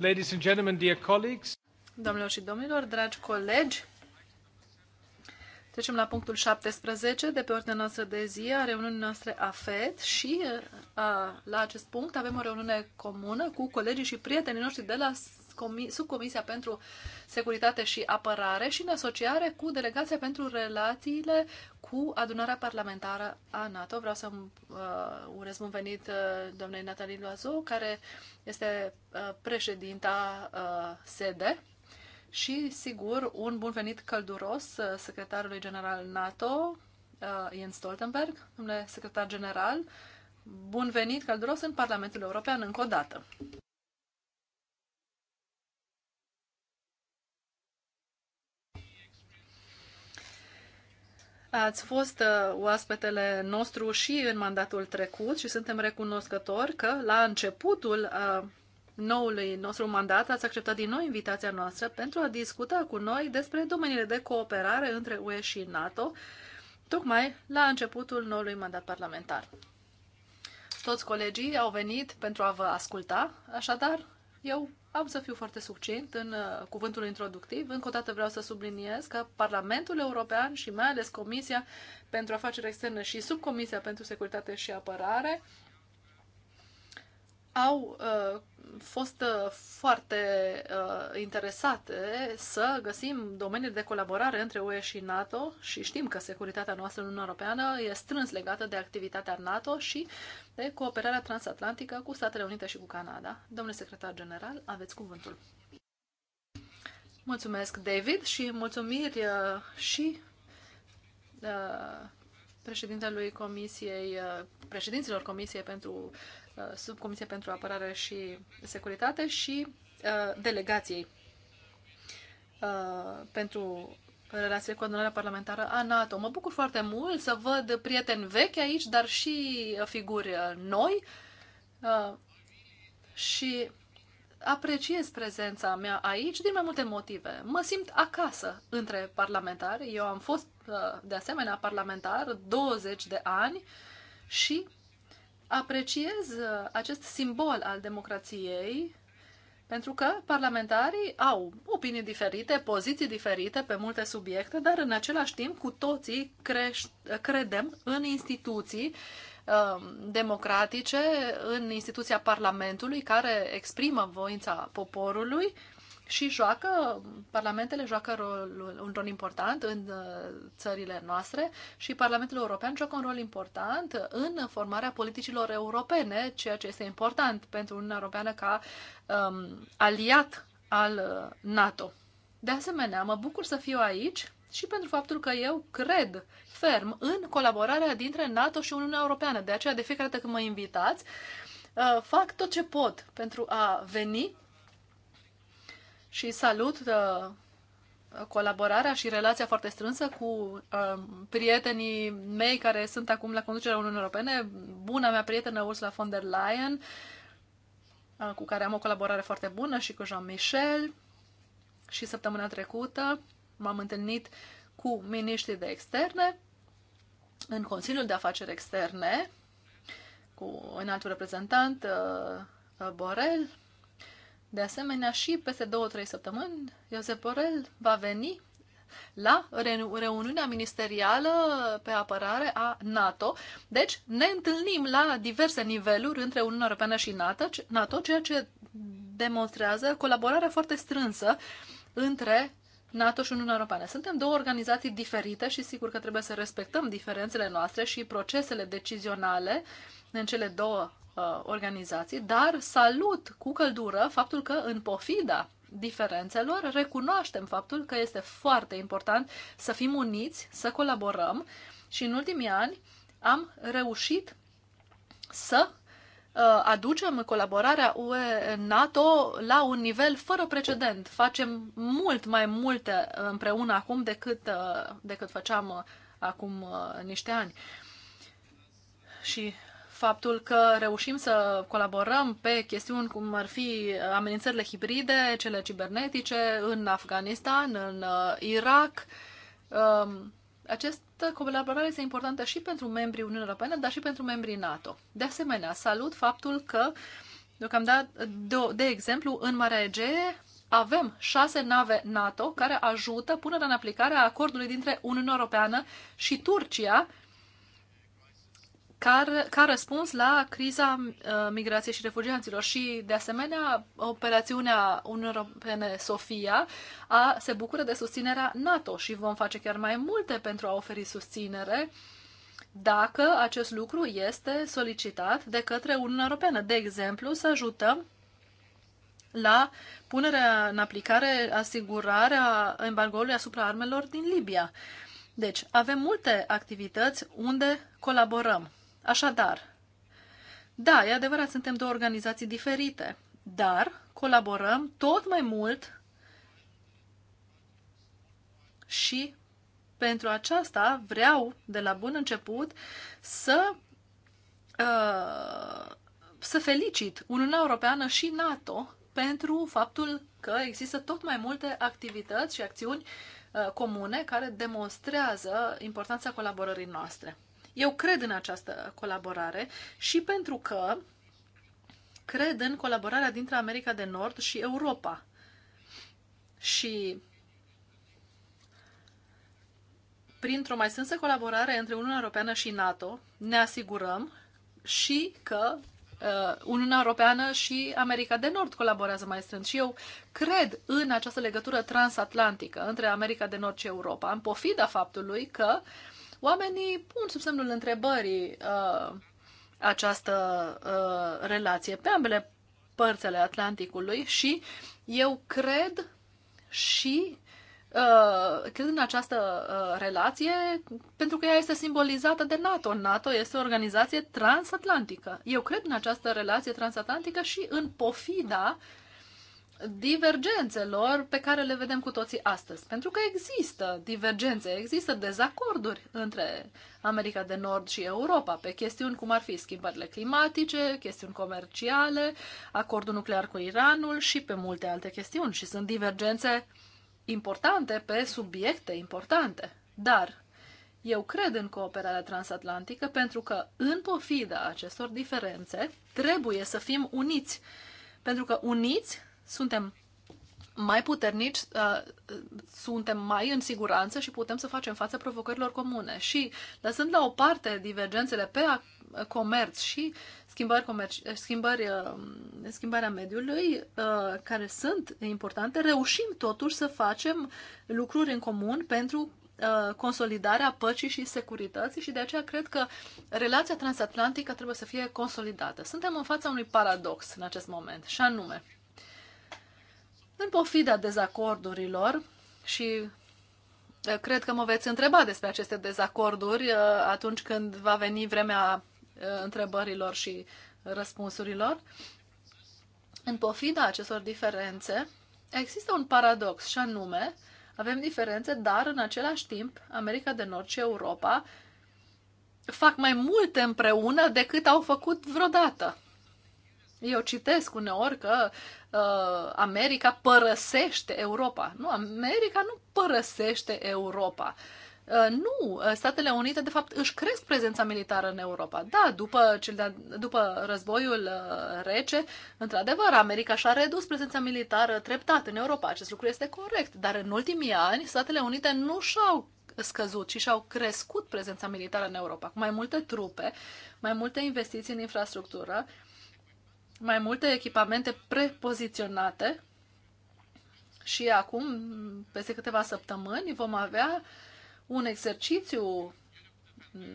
Ladies and gentlemen, dear colleagues. Domnilor și domnilor, dragi colegi, trecem la punctul 17 de pe ordinea noastră de zi a reuniunii noastre AFET și a, la acest punct avem o reuniune comună cu colegii și prietenii noștri de la Subcomisia pentru Securitate și Apărare și în asociare cu Delegația pentru Relațiile cu Adunarea Parlamentară a NATO. Vreau să uh, urez bun venit uh, doamnei Natalie Loazou, care este uh, președinta uh, SEDE și, sigur, un bun venit călduros uh, secretarului general NATO, uh, Jens Stoltenberg, domnule secretar general, bun venit călduros în Parlamentul European încă o dată. Ați fost uh, oaspetele nostru și în mandatul trecut și suntem recunoscători că la începutul uh, noului nostru mandat ați acceptat din nou invitația noastră pentru a discuta cu noi despre domeniile de cooperare între UE și NATO, tocmai la începutul noului mandat parlamentar. Toți colegii au venit pentru a vă asculta, așadar eu am să fiu foarte succint în uh, cuvântul introductiv. Încă o dată vreau să subliniez că Parlamentul European și mai ales Comisia pentru Afaceri Externe și Subcomisia pentru Securitate și Apărare au uh, fost uh, foarte uh, interesate să găsim domenii de colaborare între UE și NATO și știm că securitatea noastră în Uniunea Europeană e strâns legată de activitatea NATO și de cooperarea transatlantică cu Statele Unite și cu Canada. Domnule secretar general, aveți cuvântul. Mulțumesc, David, și mulțumiri uh, și uh, președintelui Comisiei, uh, președinților Comisiei pentru Uh, subcomisie pentru Apărare și Securitate și uh, delegației uh, pentru relațiile cu adunarea parlamentară a NATO. Mă bucur foarte mult să văd prieteni vechi aici, dar și figuri noi și apreciez prezența mea aici din mai multe motive. Mă simt acasă între parlamentari. Eu am fost de asemenea parlamentar 20 de ani și apreciez uh, acest simbol al democrației pentru că parlamentarii au opinii diferite, poziții diferite pe multe subiecte, dar în același timp cu toții creș- credem în instituții um, democratice, în instituția Parlamentului care exprimă voința poporului și joacă, parlamentele joacă rol, un rol important în uh, țările noastre și Parlamentul European joacă un rol important în formarea politicilor europene, ceea ce este important pentru Uniunea Europeană ca um, aliat al uh, NATO. De asemenea, mă bucur să fiu aici și pentru faptul că eu cred ferm în colaborarea dintre NATO și Uniunea Europeană. De aceea, de fiecare dată când mă invitați, uh, fac tot ce pot pentru a veni și salut uh, colaborarea și relația foarte strânsă cu uh, prietenii mei care sunt acum la conducerea Uniunii Europene, buna mea prietenă Ursula von der Leyen, uh, cu care am o colaborare foarte bună și cu Jean-Michel. Și săptămâna trecută m-am întâlnit cu miniștrii de externe în Consiliul de Afaceri Externe, cu un alt reprezentant, uh, Borel, de asemenea, și peste două, trei săptămâni, Iosep Borel va veni la reuniunea ministerială pe apărare a NATO. Deci ne întâlnim la diverse niveluri între Uniunea Europeană și NATO, NATO ceea ce demonstrează colaborarea foarte strânsă între NATO și Uniunea Europeană. Suntem două organizații diferite și sigur că trebuie să respectăm diferențele noastre și procesele decizionale în cele două Uh, organizații, dar salut cu căldură faptul că în pofida diferențelor recunoaștem faptul că este foarte important să fim uniți, să colaborăm și în ultimii ani am reușit să uh, aducem colaborarea UE-NATO la un nivel fără precedent. Facem mult mai multe împreună acum decât, uh, decât făceam acum niște ani. Și faptul că reușim să colaborăm pe chestiuni cum ar fi amenințările hibride, cele cibernetice în Afganistan, în uh, Irak. Um, această colaborare este importantă și pentru membrii Uniunii Europene, dar și pentru membrii NATO. De asemenea, salut faptul că, deocamdată, de, de exemplu, în Marea Egee avem șase nave NATO care ajută punerea în aplicare a acordului dintre Uniunea Europeană și Turcia, ca, ca răspuns la criza uh, migrației și refugiaților. Și, de asemenea, operațiunea Uniunii Europene Sofia a, se bucură de susținerea NATO și vom face chiar mai multe pentru a oferi susținere dacă acest lucru este solicitat de către Uniunea Europeană. De exemplu, să ajutăm la punerea în aplicare, asigurarea embargoului asupra armelor din Libia. Deci, avem multe activități unde colaborăm. Așadar, da, e adevărat, suntem două organizații diferite, dar colaborăm tot mai mult și pentru aceasta vreau de la bun început să uh, să felicit Uniunea Europeană și NATO pentru faptul că există tot mai multe activități și acțiuni uh, comune care demonstrează importanța colaborării noastre. Eu cred în această colaborare și pentru că cred în colaborarea dintre America de Nord și Europa. Și printr-o mai sânsă colaborare între Uniunea Europeană și NATO, ne asigurăm și că uh, Uniunea Europeană și America de Nord colaborează mai strâns. Și eu cred în această legătură transatlantică între America de Nord și Europa, în pofida faptului că Oamenii pun sub semnul întrebării uh, această uh, relație pe ambele părțile Atlanticului și eu cred și uh, cred în această uh, relație pentru că ea este simbolizată de NATO. NATO este o organizație transatlantică. Eu cred în această relație transatlantică și în pofida uh, divergențelor pe care le vedem cu toții astăzi. Pentru că există divergențe, există dezacorduri între America de Nord și Europa pe chestiuni cum ar fi schimbările climatice, chestiuni comerciale, acordul nuclear cu Iranul și pe multe alte chestiuni. Și sunt divergențe importante pe subiecte importante. Dar eu cred în cooperarea transatlantică pentru că, în pofida acestor diferențe, trebuie să fim uniți. Pentru că uniți suntem mai puternici, uh, suntem mai în siguranță și putem să facem față provocărilor comune. Și lăsând la o parte divergențele pe comerț și schimbări comerci, uh, schimbări, uh, schimbarea mediului, uh, care sunt importante, reușim totuși să facem lucruri în comun pentru uh, consolidarea păcii și securității și de aceea cred că relația transatlantică trebuie să fie consolidată. Suntem în fața unui paradox în acest moment și anume, în pofida dezacordurilor și uh, cred că mă veți întreba despre aceste dezacorduri uh, atunci când va veni vremea uh, întrebărilor și răspunsurilor, în pofida acestor diferențe, există un paradox și anume, avem diferențe, dar în același timp, America de Nord și Europa fac mai multe împreună decât au făcut vreodată. Eu citesc uneori că uh, America părăsește Europa. Nu, America nu părăsește Europa. Uh, nu, uh, Statele Unite, de fapt, își cresc prezența militară în Europa. Da, după, cel de după războiul uh, rece, într-adevăr, America și-a redus prezența militară treptat în Europa. Acest lucru este corect, dar în ultimii ani, Statele Unite nu și-au scăzut, ci și-au crescut prezența militară în Europa, cu mai multe trupe, mai multe investiții în infrastructură, uh, mai multe echipamente prepoziționate și acum, peste câteva săptămâni, vom avea un exercițiu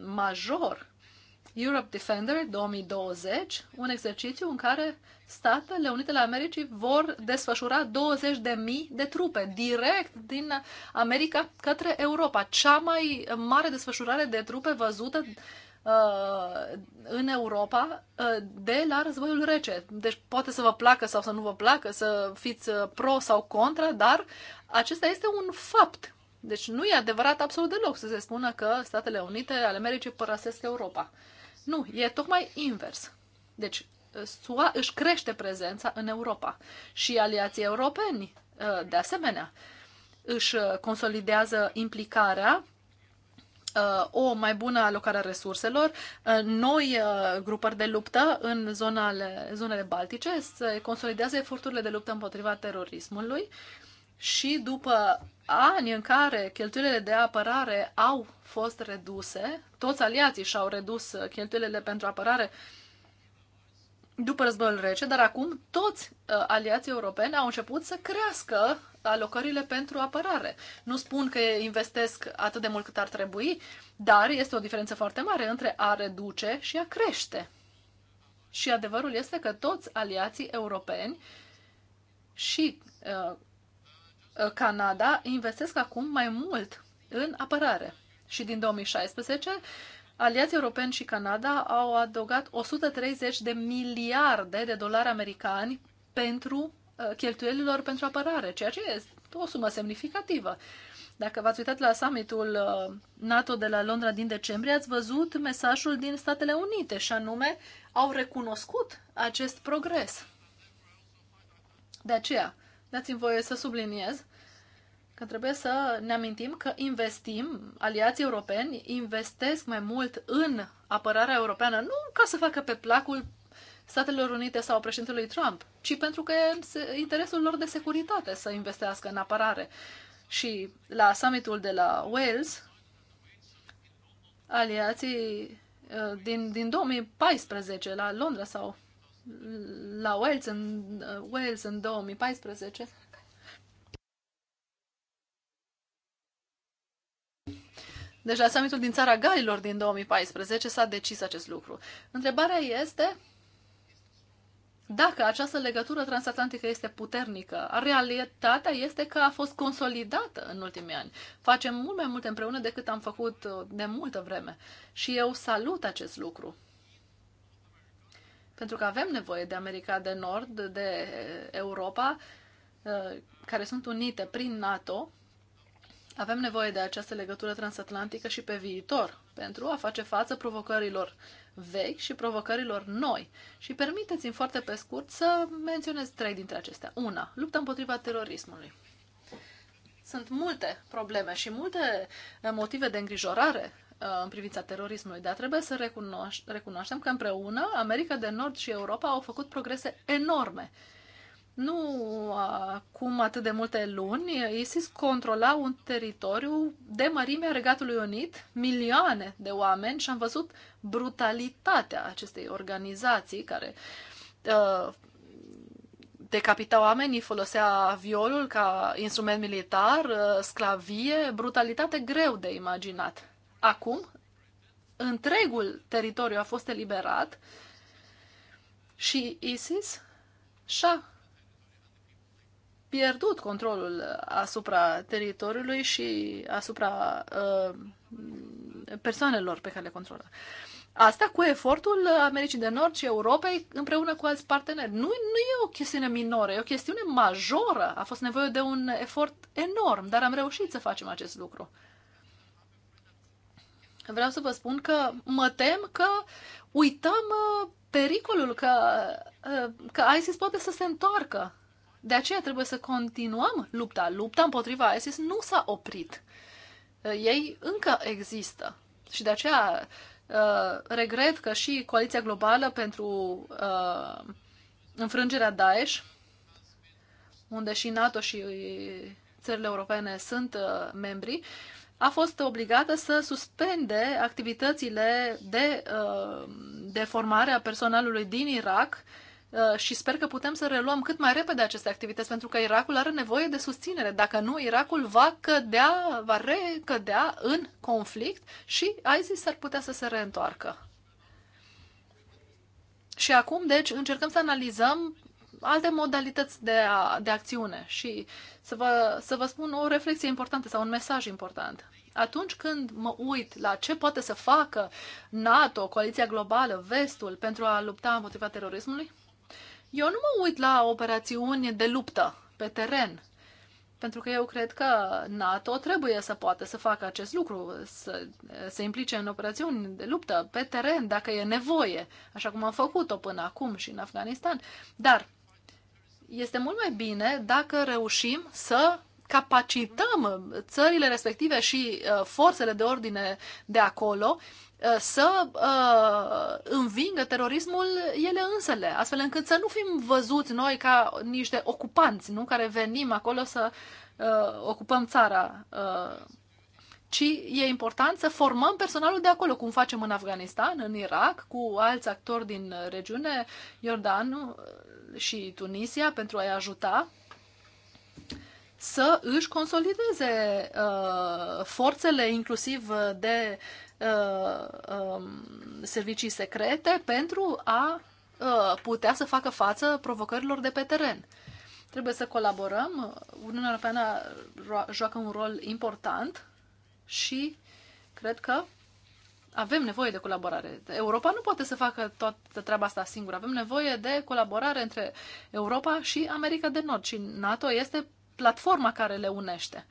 major, Europe Defender 2020, un exercițiu în care Statele Unite ale Americii vor desfășura 20.000 de trupe direct din America către Europa. Cea mai mare desfășurare de trupe văzută Uh, în Europa uh, de la războiul rece. Deci poate să vă placă sau să nu vă placă, să fiți uh, pro sau contra, dar acesta este un fapt. Deci nu e adevărat absolut deloc să se spună că Statele Unite ale Americii părăsesc Europa. Nu, e tocmai invers. Deci SUA își crește prezența în Europa și aliații europeni, de asemenea, își consolidează implicarea Uh, o mai bună alocare a resurselor, uh, noi uh, grupări de luptă în zonale, zonele baltice, se consolidează eforturile de luptă împotriva terorismului și după ani în care cheltuielile de apărare au fost reduse, toți aliații și-au redus cheltuielile pentru apărare uh, după războiul rece, dar acum toți uh, aliații europeni au început să crească alocările pentru apărare. Nu spun că investesc atât de mult cât ar trebui, dar este o diferență foarte mare între a reduce și a crește. Și adevărul este că toți aliații europeni și uh, uh Canada investesc acum mai mult în apărare. Și din 2016 aliații europeni și Canada au adăugat 130 de miliarde de dolari americani pentru uh, cheltuielilor pentru apărare, ceea ce este o sumă semnificativă. Dacă v-ați uitat la summitul uh, NATO de la Londra din decembrie, ați văzut mesajul din Statele Unite și anume au recunoscut acest progres. De aceea, dați-mi voie să subliniez că trebuie să ne amintim că investim, aliații europeni investesc mai mult în apărarea europeană, nu ca să facă pe placul Statelor Unite sau președintelui Trump, ci pentru că e interesul lor de securitate să investească în apărare. Și la summitul de la Wales, aliații uh, din, din 2014 la Londra sau la Wales în, uh, Wales în 2014, Deci la summitul din țara Galilor din 2014 s-a decis acest lucru. Întrebarea este dacă această legătură transatlantică este puternică, realitatea este că a fost consolidată în ultimii ani. Facem mult mai multe împreună decât am făcut uh, de multă vreme. Și eu salut acest lucru. Pentru că avem nevoie de America de Nord, de Europa, uh, care sunt unite prin NATO avem nevoie de această legătură transatlantică și pe viitor, pentru a face față provocărilor vechi și provocărilor noi. Și permiteți-mi foarte pe scurt să menționez trei dintre acestea. Una, lupta împotriva terorismului. Sunt multe probleme și multe eh, motive de îngrijorare eh, în privința terorismului, dar trebuie să recunoaș- recunoaștem că împreună America de Nord și Europa au făcut progrese enorme nu acum atât de multe luni, ISIS controla un teritoriu de mărimea Regatului Unit, milioane de oameni și am văzut brutalitatea acestei organizații care uh, decapita oamenii, folosea violul ca instrument militar, uh, sclavie, brutalitate greu de imaginat. Acum, întregul teritoriu a fost eliberat și ISIS și-a pierdut controlul asupra teritoriului și asupra uh, persoanelor pe care le controlă. Asta cu efortul Americii de Nord și Europei împreună cu alți parteneri. Nu, nu e o chestiune minoră, e o chestiune majoră. A fost nevoie de un efort enorm, dar am reușit să facem acest lucru. Vreau să vă spun că mă tem că uităm uh, pericolul că, uh, că ISIS poate să se întoarcă de aceea trebuie să continuăm lupta. Lupta împotriva ISIS nu s-a oprit. Uh, ei încă există. Și de aceea uh, regret că și Coaliția Globală pentru uh, înfrângerea Daesh, unde și NATO și țările europene sunt membri, a fost obligată să suspende activitățile de, de formare a personalului din Irak Uh, și sper că putem să reluăm cât mai repede aceste activități, pentru că Irakul are nevoie de susținere. Dacă nu, Irakul va cădea, va recădea în conflict și ISIS s-ar putea să se reîntoarcă. Și acum, deci, încercăm să analizăm alte modalități de, a, de acțiune și să vă, să vă spun o reflexie importantă sau un mesaj important. Atunci când mă uit la ce poate să facă NATO, Coaliția Globală, Vestul pentru a lupta împotriva terorismului, eu nu mă uit la operațiuni de luptă pe teren, pentru că eu cred că NATO trebuie să poată să facă acest lucru, să se implice în operațiuni de luptă pe teren dacă e nevoie, așa cum am făcut-o până acum și în Afganistan. Dar este mult mai bine dacă reușim să capacităm țările respective și uh, forțele de ordine de acolo Uh, să uh, învingă terorismul ele însele, astfel încât să nu fim văzuți noi ca niște ocupanți, nu care venim acolo să uh, ocupăm țara, uh, ci e important să formăm personalul de acolo, cum facem în Afganistan, în Irak, cu alți actori din regiune, Iordan uh, și Tunisia, pentru a-i ajuta să își consolideze uh, forțele inclusiv de Uh, um, servicii secrete pentru a uh, putea să facă față provocărilor de pe teren. Trebuie să colaborăm. Uniunea Europeană joacă un rol important și cred că avem nevoie de colaborare. Europa nu poate să facă toată treaba asta singură. Avem nevoie de colaborare între Europa și America de Nord și NATO este platforma care le unește.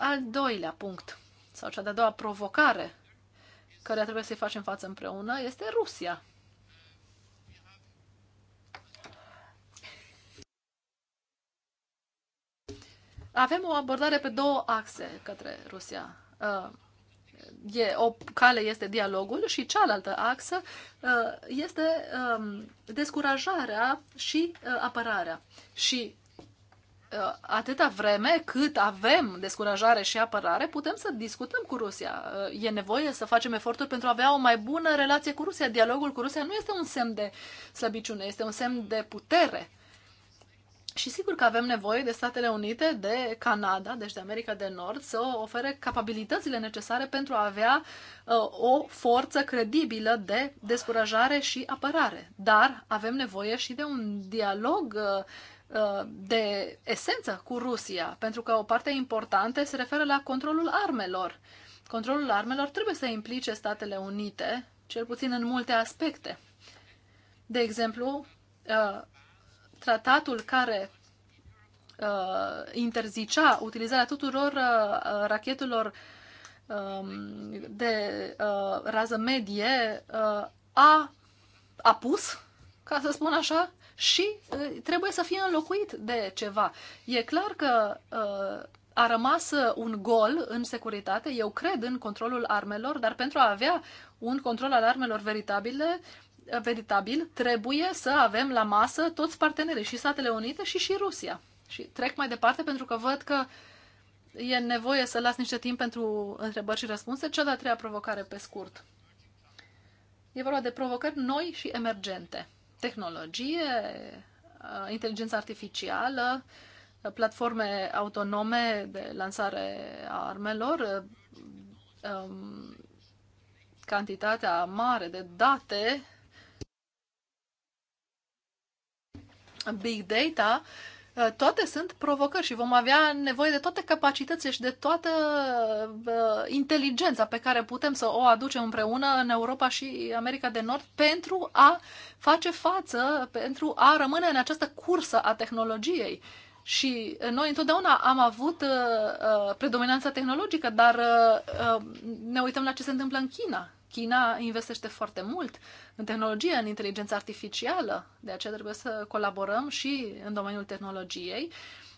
Al doilea punct sau cea de-a doua provocare care trebuie să-i facem față împreună este Rusia. Avem o abordare pe două axe către Rusia. Uh, e, o cale este dialogul și cealaltă axă uh, este um, descurajarea și uh, apărarea. Și Uh, atâta vreme cât avem descurajare și apărare, putem să discutăm cu Rusia. Uh, e nevoie să facem eforturi pentru a avea o mai bună relație cu Rusia. Dialogul cu Rusia nu este un semn de slăbiciune, este un semn de putere. Și sigur că avem nevoie de Statele Unite, de Canada, deci de America de Nord, să ofere capabilitățile necesare pentru a avea uh, o forță credibilă de descurajare și apărare. Dar avem nevoie și de un dialog uh, Uh, de esență cu Rusia, pentru că o parte importantă se referă la controlul armelor. Controlul armelor trebuie să implice Statele Unite, cel puțin în multe aspecte. De exemplu, uh, tratatul care uh, interzicea utilizarea tuturor rachetelor um, de rază medie a apus, ca să spun așa, și ă, trebuie să fie înlocuit de ceva. E clar că ă, a rămas ă, un gol în securitate, eu cred în controlul armelor, dar pentru a avea un control al armelor veritabile, veritabil, trebuie să avem la masă toți partenerii, și Statele Unite și și Rusia. Și trec mai departe pentru că văd că e nevoie să las niște timp pentru întrebări și răspunse. Cea de-a treia provocare pe scurt. E vorba de provocări noi și emergente tehnologie, uh, inteligență artificială, uh, platforme autonome de lansare a armelor, uh, um, cantitatea mare de date, big data, Uh, toate sunt provocări și vom avea nevoie de toate capacitățile și de toată uh, inteligența pe care putem să o aducem împreună în Europa și America de Nord pentru a face față, pentru a rămâne în această cursă a tehnologiei. Și noi întotdeauna am avut uh, uh predominanța tehnologică, dar uh, uh, ne uităm la ce se întâmplă în China China investește foarte mult în tehnologie, în inteligența artificială, de aceea trebuie să colaborăm și în domeniul tehnologiei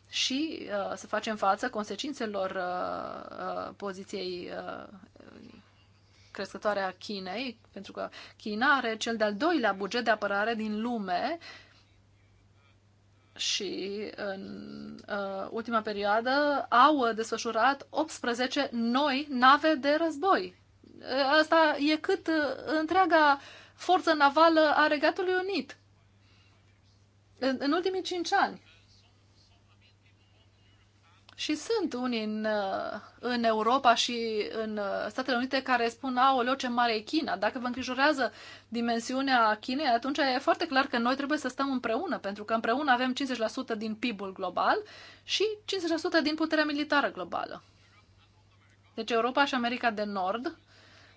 și uh, să facem față consecințelor uh, uh, poziției uh, crescătoare a Chinei, pentru că China are cel de-al doilea buget de apărare din lume și în uh, ultima perioadă au uh, desfășurat 18 noi nave de război Asta e cât uh, întreaga forță navală a Regatului Unit în, în ultimii cinci ani. Și sunt unii în, uh, în Europa și în uh, Statele Unite care spun, aoleo, ce mare e China. Dacă vă îngrijorează dimensiunea Chinei, atunci e foarte clar că noi trebuie să stăm împreună, pentru că împreună avem 50% din PIB-ul global și 50% din puterea militară globală. Deci Europa și America de Nord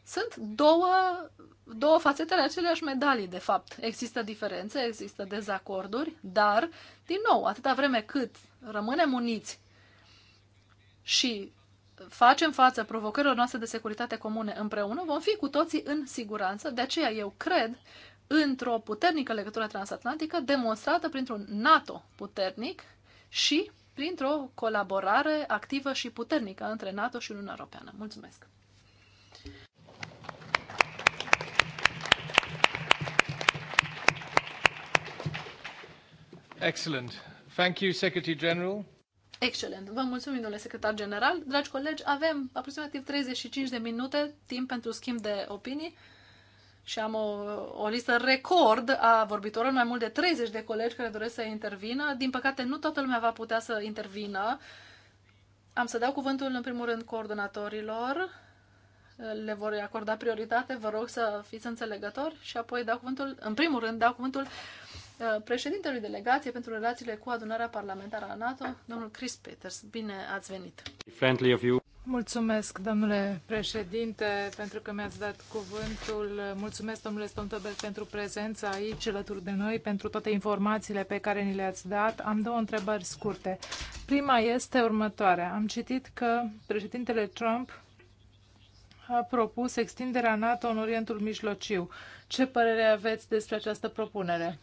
sunt două, două fațete ale aceleași medalii, de fapt. Există diferențe, există dezacorduri, dar, din nou, atâta vreme cât rămânem uniți și facem față provocărilor noastre de securitate comune împreună, vom fi cu toții în siguranță. De aceea eu cred într-o puternică legătură transatlantică demonstrată printr-un NATO puternic și printr-o colaborare activă și puternică între NATO și Uniunea Europeană. Mulțumesc! Excellent. Thank you, Secretary General. Excelent. Vă mulțumim, domnule secretar general. Dragi colegi, avem aproximativ 35 de minute timp pentru schimb de opinii și am o, o listă record a vorbitorilor, mai mult de 30 de colegi care doresc să intervină. Din păcate, nu toată lumea va putea să intervină. Am să dau cuvântul, în primul rând, coordonatorilor. Le vor acorda prioritate, vă rog să fiți înțelegători și apoi dau cuvântul, în primul rând, dau cuvântul uh, Uh, președintelui delegației pentru relațiile cu adunarea parlamentară a NATO, domnul Chris Peters. Bine ați venit! Friendly of you. Mulțumesc, domnule președinte, pentru că mi-ați dat cuvântul. Mulțumesc, domnule Stontobel, pentru prezența aici alături de noi, pentru toate informațiile pe care ni le-ați dat. Am două întrebări scurte. Prima este următoarea. Am citit că președintele Trump a propus extinderea NATO în Orientul Mijlociu. Ce părere aveți despre această propunere?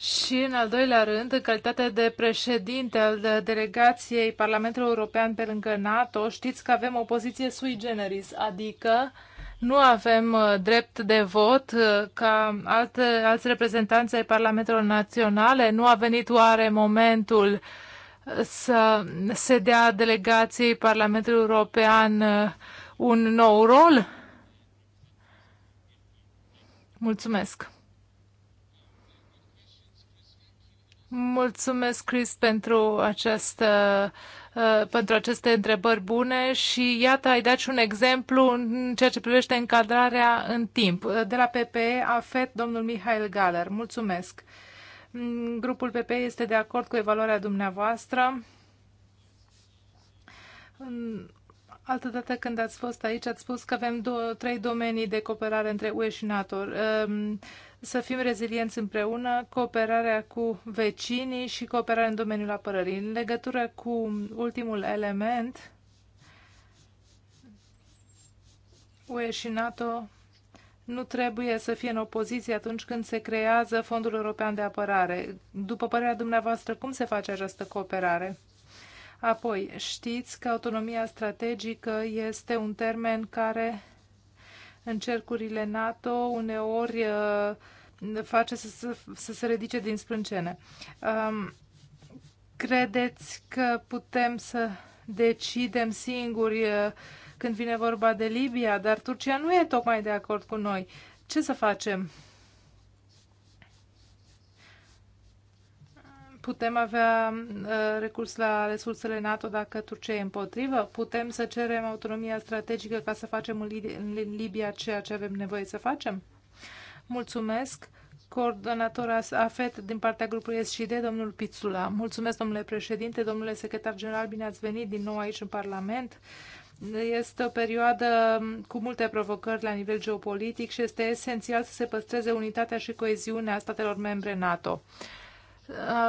Și, în al doilea rând, în calitate de președinte al delegației Parlamentului European pe lângă NATO, știți că avem o poziție sui generis, adică nu avem uh, drept de vot uh, ca alte, alți reprezentanți ai Parlamentelor Naționale. Nu a venit oare momentul uh, să se dea delegației Parlamentului European un nou rol? Mulțumesc! Mulțumesc, Chris, pentru această uh, pentru aceste întrebări bune și iată, ai dat și un exemplu în ceea ce privește încadrarea în timp. De la PPE, AFET, domnul Mihail Galer. Mulțumesc. Mm, grupul PPE este de acord cu evaluarea dumneavoastră. Altă dată când ați fost aici, ați spus că avem două, trei domenii de cooperare între UE și NATO. Um, să fim rezilienți împreună, cooperarea cu vecinii și cooperarea în domeniul apărării. În legătură cu ultimul element, UE și NATO nu trebuie să fie în opoziție atunci când se creează Fondul European de Apărare. După părerea dumneavoastră, cum se face această cooperare? Apoi, știți că autonomia strategică este un termen care în cercurile NATO uneori uh, face să, să, să se ridice din sprâncene. Um, credeți că putem să decidem singuri uh, când vine vorba de Libia, dar Turcia nu e tocmai de acord cu noi. Ce să facem? Putem avea uh, recurs la resursele NATO dacă Turcia e împotrivă? Putem să cerem autonomia strategică ca să facem în, Lib în Libia ceea ce avem nevoie să facem? Mulțumesc! coordonator AFET din partea grupului SCD, domnul Pițula. Mulțumesc, domnule președinte, domnule secretar general, bine ați venit din nou aici în Parlament. Este o perioadă cu multe provocări la nivel geopolitic și este esențial să se păstreze unitatea și coeziunea statelor membre NATO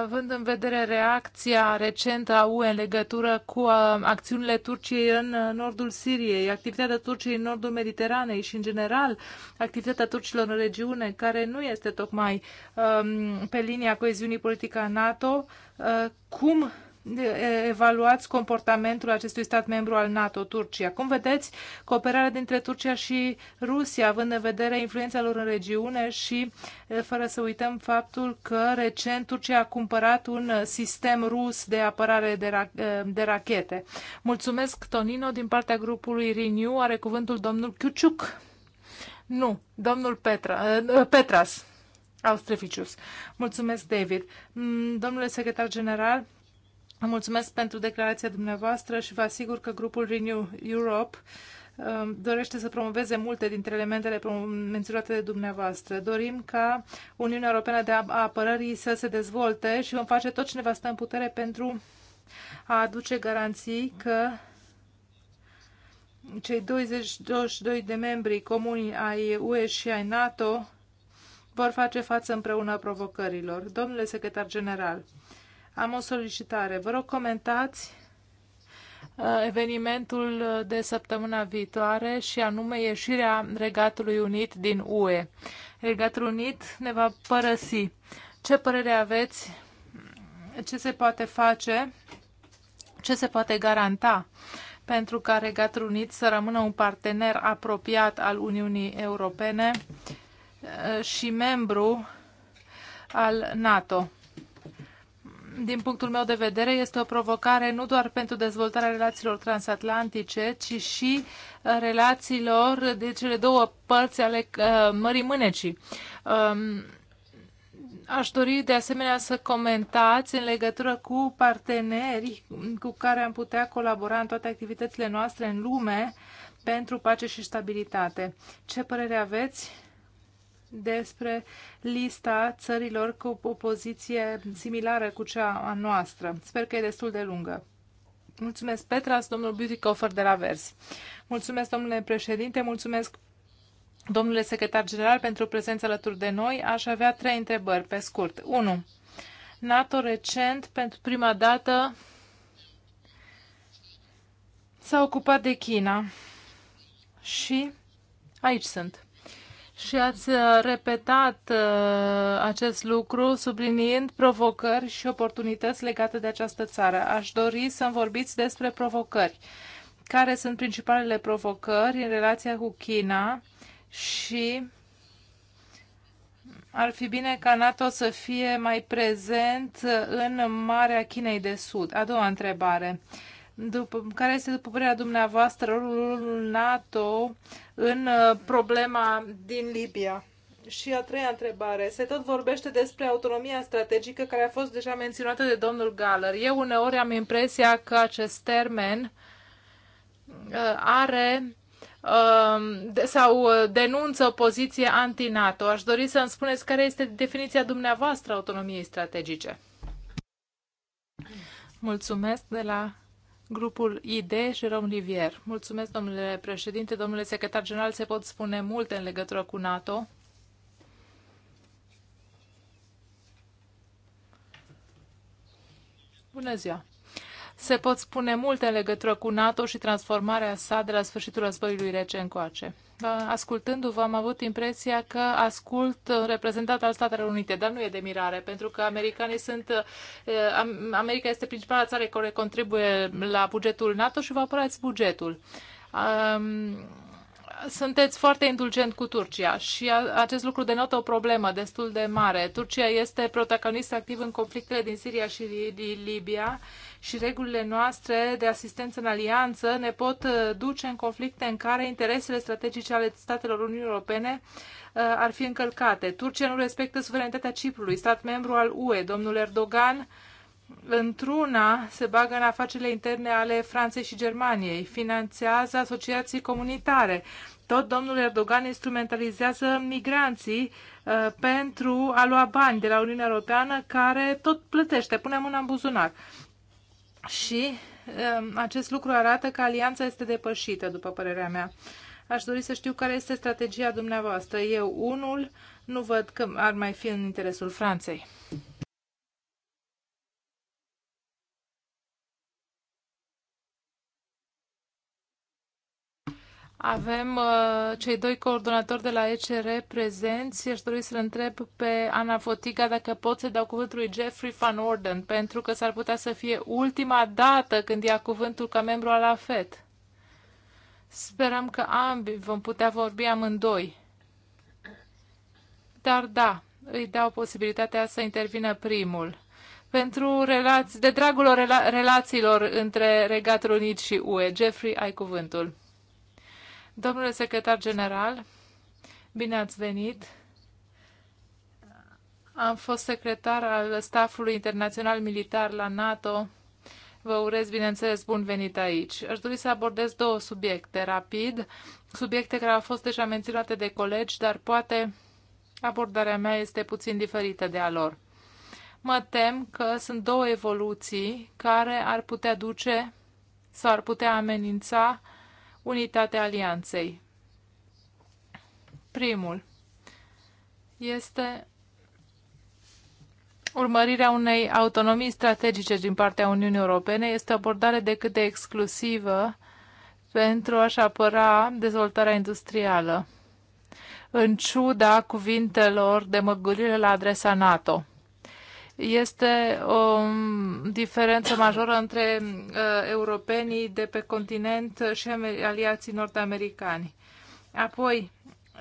având în vedere reacția recentă a UE în legătură cu uh, acțiunile Turciei în uh, nordul Siriei, activitatea Turciei în nordul Mediteranei și, în general, activitatea turcilor în regiune, care nu este tocmai um, pe linia coeziunii politică a NATO, uh, cum evaluați comportamentul acestui stat membru al NATO, Turcia? Cum vedeți cooperarea dintre Turcia și Rusia, având în vedere influența lor în regiune și fără să uităm faptul că recent Turcia a cumpărat un sistem rus de apărare de, ra- de rachete? Mulțumesc, Tonino, din partea grupului Renew. Are cuvântul domnul Chiuciuc. Nu, domnul Petra, Petras. Austrificius. Mulțumesc, David. Mm, domnule secretar general, Vă mulțumesc pentru declarația dumneavoastră și vă asigur că grupul Renew Europe um, dorește să promoveze multe dintre elementele menționate de dumneavoastră. Dorim ca Uniunea Europeană de Apărării să se dezvolte și vom face tot ce ne va sta în putere pentru a aduce garanții că cei 22 de membri comuni ai UE și ai NATO vor face față împreună provocărilor. Domnule secretar general, am o solicitare. Vă rog, comentați uh, evenimentul de săptămâna viitoare și anume ieșirea Regatului Unit din UE. Regatul Unit ne va părăsi. Ce părere aveți? Ce se poate face? Ce se poate garanta pentru ca Regatul Unit să rămână un partener apropiat al Uniunii Europene uh, și membru al NATO? din punctul meu de vedere, este o provocare nu doar pentru dezvoltarea relațiilor transatlantice, ci și uh, relațiilor de cele două părți ale uh, Mării Mânecii. Um, Aș dori de asemenea să comentați în legătură cu parteneri cu care am putea colabora în toate activitățile noastre în lume pentru pace și stabilitate. Ce părere aveți despre lista țărilor cu o poziție similară cu cea a noastră. Sper că e destul de lungă. Mulțumesc, Petra, domnul Beautycofer de la Vers. Mulțumesc, domnule președinte, mulțumesc Domnule secretar general, pentru prezența alături de noi, aș avea trei întrebări, pe scurt. 1. NATO recent, pentru prima dată, s-a ocupat de China. Și aici sunt și ați uh, repetat uh, acest lucru subliniind provocări și oportunități legate de această țară. Aș dori să vorbiți despre provocări. Care sunt principalele provocări în relația cu China și ar fi bine ca NATO să fie mai prezent în Marea Chinei de Sud. A doua întrebare. Uh, după, care este, după părerea dumneavoastră, rolul NATO în uh, problema din Libia? Și a treia întrebare. Se tot vorbește despre autonomia strategică care a fost deja menționată de domnul Galler. Eu uneori am impresia că acest termen uh, are um, sau uh, denunță o poziție anti-NATO. Aș dori să îmi spuneți care este definiția dumneavoastră autonomiei strategice. Mulțumesc de la grupul ID, Jerome Rivier. Mulțumesc, domnule președinte. Domnule secretar general, se pot spune multe în legătură cu NATO. Bună ziua! Se pot spune multe în legătură cu NATO și transformarea sa de la sfârșitul războiului rece încoace ascultându-vă, am avut impresia că ascult reprezentat al Statelor Unite, dar nu e de mirare, pentru că americanii sunt, America este principala țară care contribuie la bugetul NATO și vă apărați bugetul. Sunteți foarte indulgent cu Turcia și acest lucru denotă o problemă destul de mare. Turcia este protagonist activ în conflictele din Siria și Libia. Li- și regulile noastre de asistență în alianță ne pot uh, duce în conflicte în care interesele strategice ale statelor Uniunii Europene uh, ar fi încălcate. Turcia nu respectă suveranitatea Ciprului, stat membru al UE. Domnul Erdogan într-una se bagă în afacerile interne ale Franței și Germaniei, finanțează asociații comunitare. Tot domnul Erdogan instrumentalizează migranții uh, pentru a lua bani de la Uniunea Europeană, care tot plătește, pune mâna în buzunar. Și um, acest lucru arată că alianța este depășită, după părerea mea. Aș dori să știu care este strategia dumneavoastră. Eu, unul, nu văd că ar mai fi în interesul Franței. Avem uh, cei doi coordonatori de la ECR prezenți. Aș dori să-l întreb pe Ana Fotica dacă pot să dau cuvântul lui Jeffrey Van Orden, pentru că s-ar putea să fie ultima dată când ia cuvântul ca membru al AFET. Sperăm că ambii vom putea vorbi amândoi. Dar da, îi dau posibilitatea să intervină primul. Pentru relații, de dragul rela- relațiilor între Regatul Unit și UE, Jeffrey, ai cuvântul. Domnule secretar general, bine ați venit! Am fost secretar al stafului internațional militar la NATO. Vă urez, bineînțeles, bun venit aici. Aș dori să abordez două subiecte rapid, subiecte care au fost deja menționate de colegi, dar poate abordarea mea este puțin diferită de a lor. Mă tem că sunt două evoluții care ar putea duce sau ar putea amenința Unitatea alianței. Primul este urmărirea unei autonomii strategice din partea Uniunii Europene. Este o abordare decât de exclusivă pentru a-și apăra dezvoltarea industrială, în ciuda cuvintelor de măgurire la adresa NATO. Este o diferență majoră între uh, europenii de pe continent și aliații nord-americani. Apoi,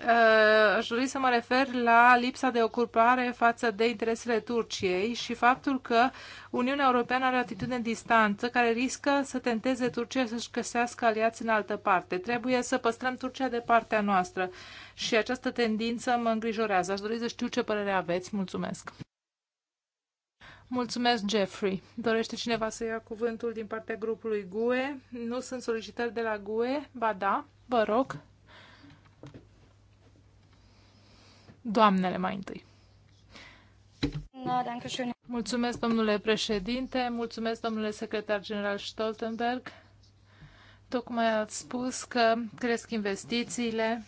uh, aș dori să mă refer la lipsa de ocupare față de interesele Turciei și faptul că Uniunea Europeană are o atitudine distanță care riscă să tenteze Turcia să-și găsească aliați în altă parte. Trebuie să păstrăm Turcia de partea noastră și această tendință mă îngrijorează. Aș dori să știu ce părere aveți. Mulțumesc! Mulțumesc, Jeffrey. Dorește cineva să ia cuvântul din partea grupului GUE? Nu sunt solicitări de la GUE? Ba da, vă rog. Doamnele mai întâi. Mulțumesc, domnule președinte, mulțumesc, domnule secretar general Stoltenberg. Tocmai ați spus că cresc investițiile,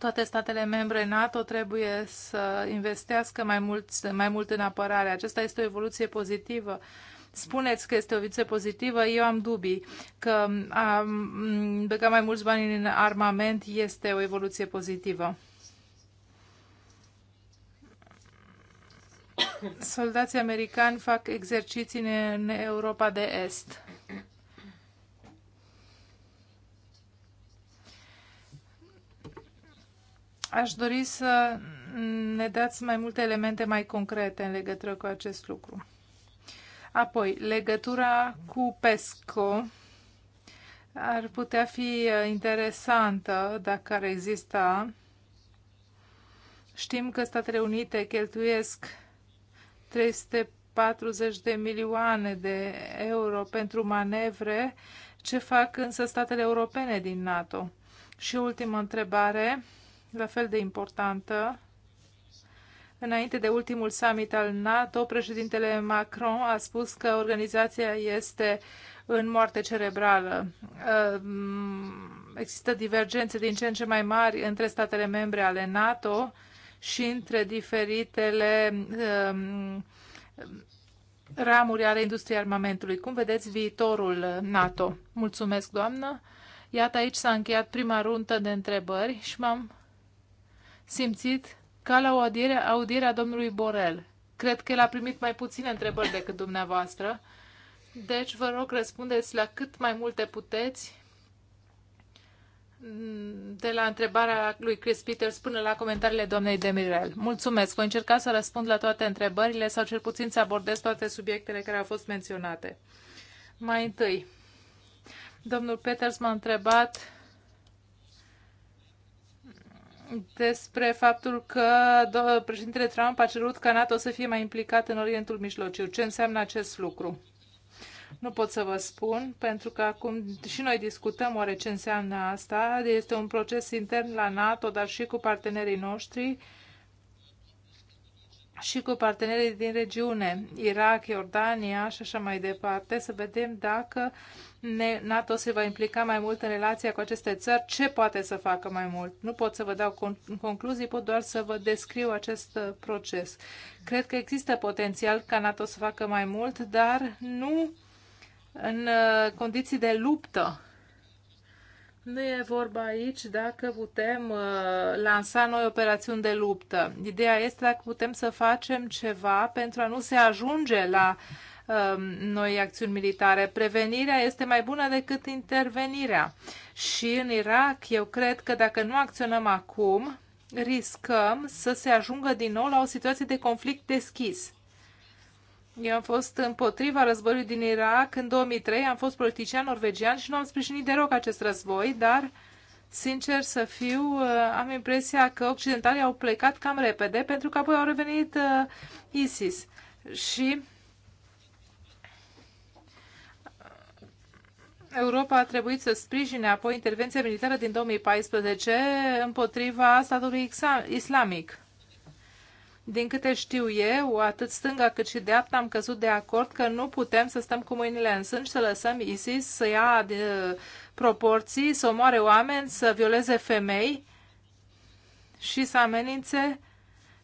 toate statele membre NATO trebuie să investească mai mult, mai mult în apărare. Aceasta este o evoluție pozitivă spuneți că este o viță pozitivă, eu am dubii că a băga mai mulți bani în armament este o evoluție pozitivă. Soldații americani fac exerciții în Europa de Est. Aș dori să ne dați mai multe elemente mai concrete în legătură cu acest lucru. Apoi, legătura cu PESCO ar putea fi interesantă dacă ar exista. Știm că Statele Unite cheltuiesc 340 de milioane de euro pentru manevre. Ce fac însă statele europene din NATO? Și ultima întrebare la fel de importantă. Înainte de ultimul summit al NATO, președintele Macron a spus că organizația este în moarte cerebrală. Uh, există divergențe din ce în ce mai mari între statele membre ale NATO și între diferitele uh, ramuri ale industriei armamentului. Cum vedeți viitorul NATO? Mulțumesc, doamnă! Iată, aici s-a încheiat prima rundă de întrebări și m-am simțit ca la o audiere, audiere a domnului Borel. Cred că el a primit mai puține întrebări decât dumneavoastră, deci vă rog răspundeți la cât mai multe puteți mm, de la întrebarea lui Chris Peters până la comentariile doamnei Demirel. Mulțumesc! Voi încerca să răspund la toate întrebările sau cel puțin să abordez toate subiectele care au fost menționate. Mai întâi, domnul Peters m-a întrebat despre faptul că președintele Trump a cerut ca NATO să fie mai implicat în Orientul Mijlociu. Ce înseamnă acest lucru? Nu pot să vă spun, pentru că acum și noi discutăm oare ce înseamnă asta. Este un proces intern la NATO, dar și cu partenerii noștri și cu partenerii din regiune, Irak, Iordania și așa mai departe, să vedem dacă uh, NATO se va implica mai mult în relația cu aceste țări, ce poate să facă mai mult? Nu pot să vă dau concluzii, pot doar să vă descriu acest uh, proces. Cred că există potențial ca NATO să facă mai mult, dar nu în uh, condiții de luptă. Nu e vorba aici dacă putem uh, lansa noi operațiuni de luptă. Ideea este dacă putem să facem ceva pentru a nu se ajunge la uh, Um, noi acțiuni militare. Prevenirea este mai bună decât intervenirea. Și în Irak, eu cred că dacă nu acționăm acum, riscăm să se ajungă din nou la o situație de conflict deschis. Eu am fost împotriva războiului din Irak în 2003, am fost politician norvegian și nu am sprijinit deloc acest război, dar, sincer să fiu, uh, am impresia că occidentalii au plecat cam repede pentru că apoi au revenit uh, ISIS. Și Europa a trebuit să sprijine apoi intervenția militară din 2014 împotriva statului islamic. Din câte știu eu, atât stânga cât și dreapta am căzut de acord că nu putem să stăm cu mâinile în sân și să lăsăm ISIS să ia de proporții, să omoare oameni, să violeze femei și să amenințe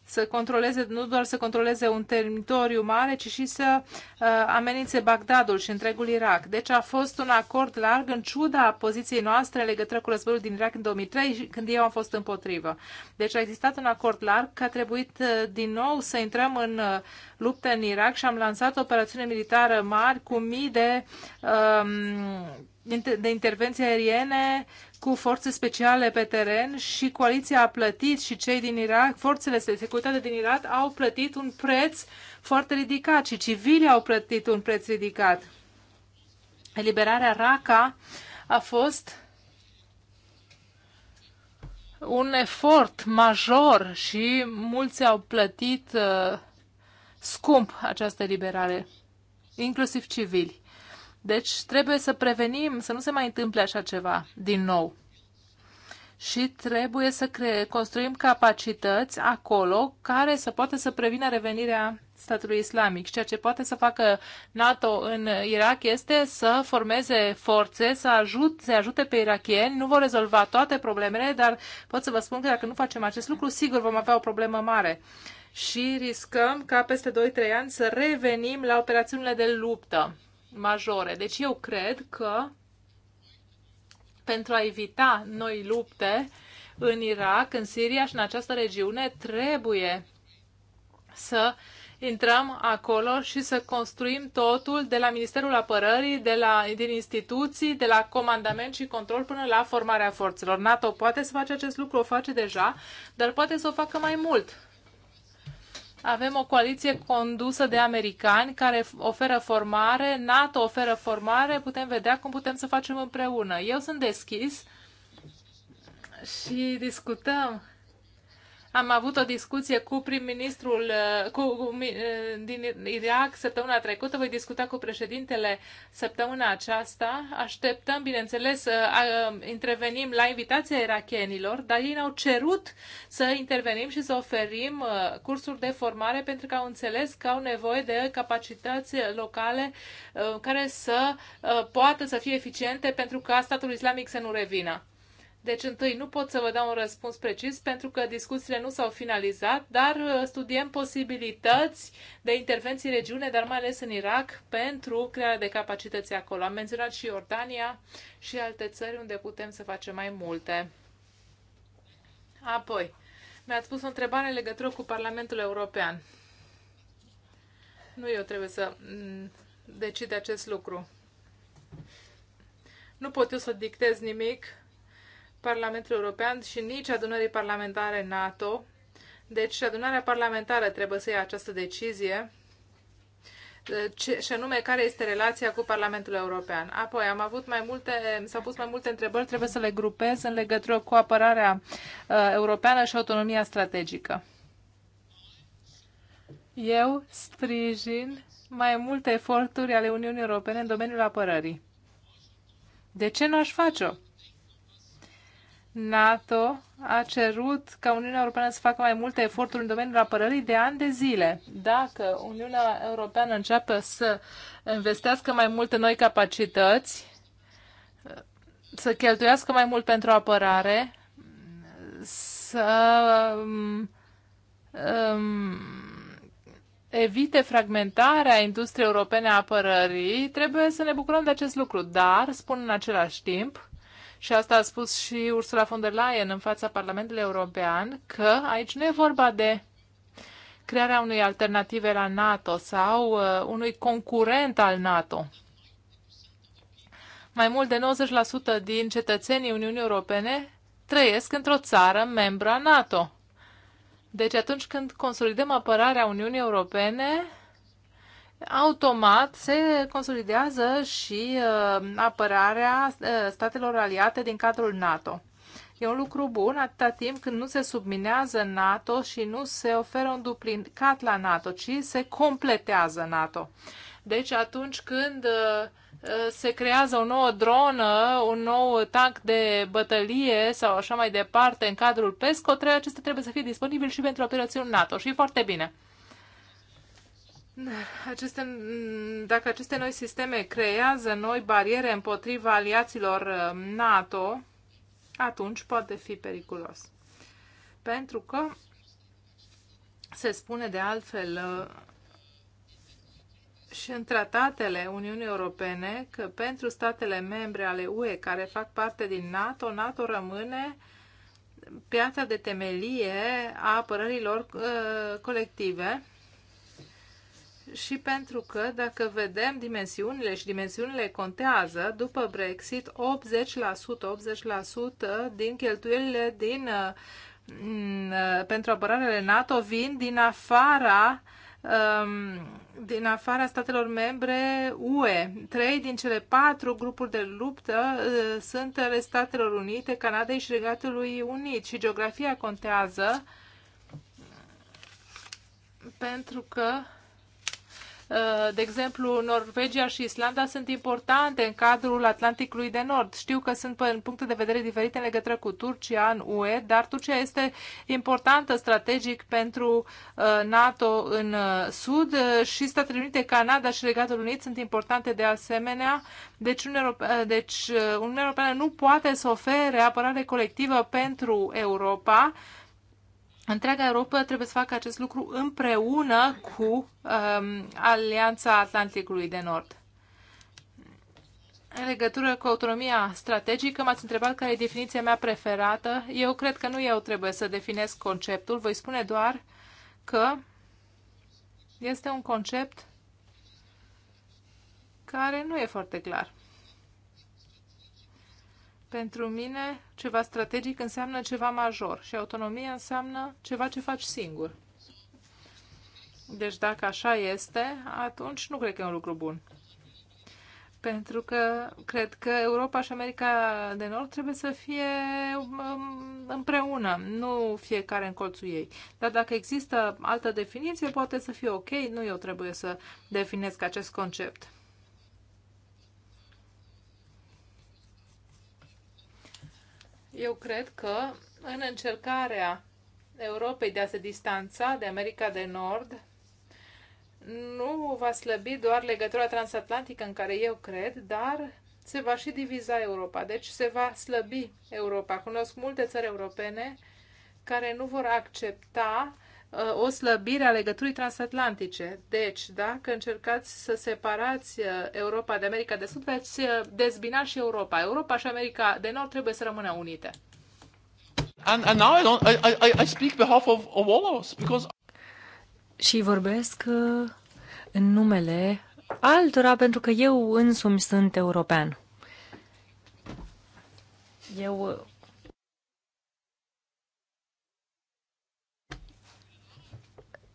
să controleze, nu doar să controleze un teritoriu mare, ci și să uh, amenințe Bagdadul și întregul Irak. Deci a fost un acord larg în ciuda poziției noastre în legătură cu războiul din Irak în 2003, când eu am fost împotrivă. Deci a existat un acord larg că a trebuit uh, din nou să intrăm în uh, luptă în Irak și am lansat operațiune militară mari cu mii de uh, de intervenții aeriene cu forțe speciale pe teren și coaliția a plătit și cei din Irak, forțele de securitate din Irak au plătit un preț foarte ridicat și civilii au plătit un preț ridicat. Eliberarea Raqqa a fost un efort major și mulți au plătit uh, scump această eliberare, inclusiv civili. Deci trebuie să prevenim să nu se mai întâmple așa ceva din nou. Și trebuie să cre- construim capacități acolo care să poată să prevină revenirea statului islamic. ceea ce poate să facă NATO în Irak este să formeze forțe, să ajute, să ajute pe irakieni. Nu vor rezolva toate problemele, dar pot să vă spun că dacă nu facem acest lucru, sigur vom avea o problemă mare. Și riscăm ca peste 2-3 ani să revenim la operațiunile de luptă majore. Deci eu cred că pentru a evita noi lupte în Irak, în Siria și în această regiune, trebuie să intrăm acolo și să construim totul de la Ministerul Apărării, de la, din instituții, de la comandament și control până la formarea forțelor. NATO poate să face acest lucru, o face deja, dar poate să o facă mai mult avem o coaliție condusă de americani care oferă formare, NATO oferă formare, putem vedea cum putem să facem împreună. Eu sunt deschis și discutăm am avut o discuție cu prim-ministrul uh, cu, cu, uh, din Irak săptămâna trecută, voi discuta cu președintele săptămâna aceasta. Așteptăm, bineînțeles, să uh, intervenim la invitația irakienilor, dar ei ne-au cerut să intervenim și să oferim cursuri de formare pentru că au înțeles că au nevoie de capacități locale care să poată să fie eficiente pentru ca statul islamic să nu revină. Deci, întâi, nu pot să vă dau un răspuns precis pentru că discuțiile nu s-au finalizat, dar uh, studiem posibilități de intervenții în regiune, dar mai ales în Irak, pentru crearea de capacități acolo. Am menționat și Iordania și alte țări unde putem să facem mai multe. Apoi, mi-ați pus o întrebare în legătură cu Parlamentul European. Nu eu trebuie să mm, decid acest lucru. Nu pot eu să dictez nimic Parlamentul European și nici adunării parlamentare NATO. Deci adunarea parlamentară trebuie să ia această decizie ce, și anume care este relația cu Parlamentul European. Apoi am avut mai multe, mi s-au pus mai multe întrebări, trebuie să le grupez în legătură cu apărarea uh, europeană și autonomia strategică. Eu sprijin mai multe eforturi ale Uniunii Europene în domeniul apărării. De ce nu aș face-o? NATO a cerut ca Uniunea Europeană să facă mai multe eforturi în domeniul apărării de ani de zile. Dacă Uniunea Europeană înceapă să investească mai mult în noi capacități, să cheltuiască mai mult pentru apărare, să um, evite fragmentarea industriei europene a apărării, trebuie să ne bucurăm de acest lucru. Dar, spun în același timp, și asta a spus și Ursula von der Leyen în fața Parlamentului European, că aici nu e vorba de crearea unei alternative la NATO sau uh, unui concurent al NATO. Mai mult de 90% din cetățenii Uniunii Europene trăiesc într-o țară membră a NATO. Deci atunci când consolidăm apărarea Uniunii Europene, automat se consolidează și uh, apărarea uh, statelor aliate din cadrul NATO. E un lucru bun atâta timp când nu se subminează NATO și nu se oferă un duplicat la NATO, ci se completează NATO. Deci atunci când uh, uh, se creează o nouă dronă, un nou tank de bătălie sau așa mai departe în cadrul PESCO, trebuie, acestea trebuie să fie disponibil și pentru operațiuni NATO și e foarte bine. Aceste, dacă aceste noi sisteme creează noi bariere împotriva aliaților uh, NATO, atunci poate fi periculos. Pentru că se spune de altfel uh, și în tratatele Uniunii Europene că pentru statele membre ale UE care fac parte din NATO, NATO rămâne piața de temelie a apărărilor uh, colective și pentru că, dacă vedem dimensiunile și dimensiunile contează, după Brexit, 80%, 80% din cheltuielile din, mm, pentru apărarele NATO vin din afara um, din afara statelor membre UE. Trei din cele patru grupuri de luptă uh, sunt ale Statelor Unite, Canadei și Regatului Unit și geografia contează pentru că Eh, de exemplu, Norvegia și Islanda sunt importante în cadrul Atlanticului de Nord. Știu că sunt în puncte de vedere diferite în legătură cu Turcia, în UE, dar Turcia este importantă strategic pentru eh, NATO în eh, Sud și Statele Unite, Canada și Regatul Unit sunt importante de asemenea. Deci Uniunea, Europe- deci Uniunea Europeană nu poate să ofere apărare colectivă pentru Europa, Întreaga Europa trebuie să facă acest lucru împreună cu um, Alianța Atlanticului de Nord. În legătură cu autonomia strategică, m-ați întrebat care e definiția mea preferată. Eu cred că nu eu trebuie să definesc conceptul, voi spune doar că este un concept care nu e foarte clar. Pentru mine, ceva strategic înseamnă ceva major și autonomia înseamnă ceva ce faci singur. Deci dacă așa este, atunci nu cred că e un lucru bun. Pentru că cred că Europa și America de Nord trebuie să fie um, împreună, nu fiecare în colțul ei. Dar dacă există altă definiție, poate să fie ok, nu eu trebuie să definesc acest concept. Eu cred că în încercarea Europei de a se distanța de America de Nord, nu va slăbi doar legătura transatlantică în care eu cred, dar se va și diviza Europa. Deci se va slăbi Europa. Cunosc multe țări europene care nu vor accepta Uh, o slăbire a legăturii transatlantice. Deci, dacă încercați să separați uh, Europa de America de Sud, veți uh, dezbina și Europa. Europa și America de Nord trebuie să rămână unite. And, and now I, don't, I, I, I speak behalf of, of all of us because... Și vorbesc în numele altora pentru că eu însumi sunt european. Eu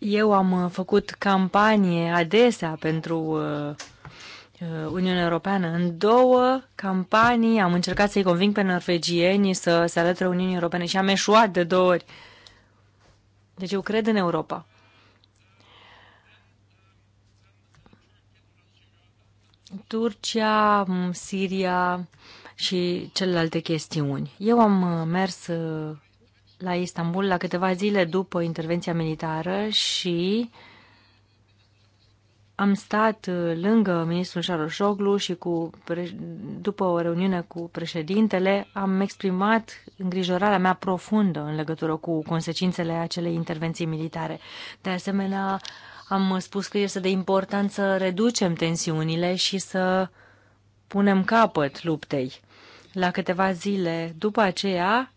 Eu am uh, făcut campanie adesea pentru uh, uh, Uniunea Europeană. În două campanii am încercat să-i conving pe norvegieni să se alăture Uniunii Europene și am eșuat de două ori. Deci eu cred în Europa. Turcia, Siria și celelalte chestiuni. Eu am mers la Istanbul la câteva zile după intervenția militară și am stat uh, lângă ministrul Șaroșoglu și cu, după o reuniune cu președintele am exprimat îngrijorarea mea profundă în legătură cu consecințele acelei intervenții militare. De asemenea, am spus că este de important să reducem tensiunile și să punem capăt luptei. La câteva zile după aceea,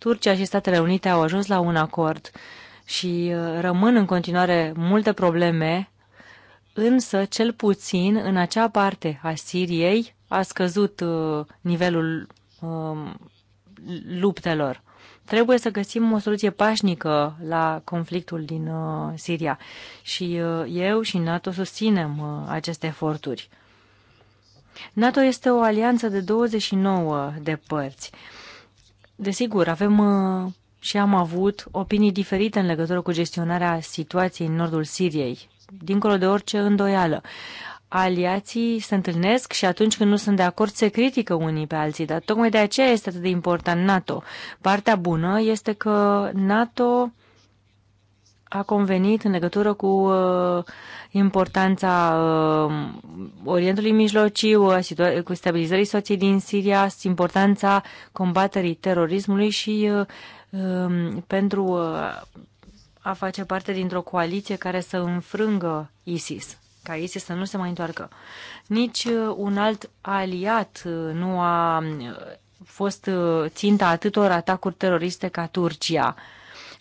Turcia și Statele Unite au ajuns la un acord și uh, rămân în continuare multe probleme, însă cel puțin în acea parte a Siriei a scăzut uh, nivelul um, luptelor. Trebuie să găsim o soluție pașnică la conflictul din uh, Siria și eu și NATO susținem aceste eforturi. NATO este o alianță de 29 de părți. Desigur, avem uh, și am avut opinii diferite în legătură cu gestionarea situației în nordul Siriei, dincolo de orice îndoială. Aliații se întâlnesc și atunci când nu sunt de acord se critică unii pe alții, dar tocmai de aceea este atât de important NATO. Partea bună este că NATO a convenit în legătură cu uh, importanța uh, Orientului Mijlociu, cu stabilizării soției din Siria, importanța combaterii terorismului și uh, um, pentru a face parte dintr-o coaliție care să înfrângă ISIS, ca ISIS să nu se mai întoarcă. Nici un alt aliat nu a fost ținta atâtor atacuri teroriste ca Turcia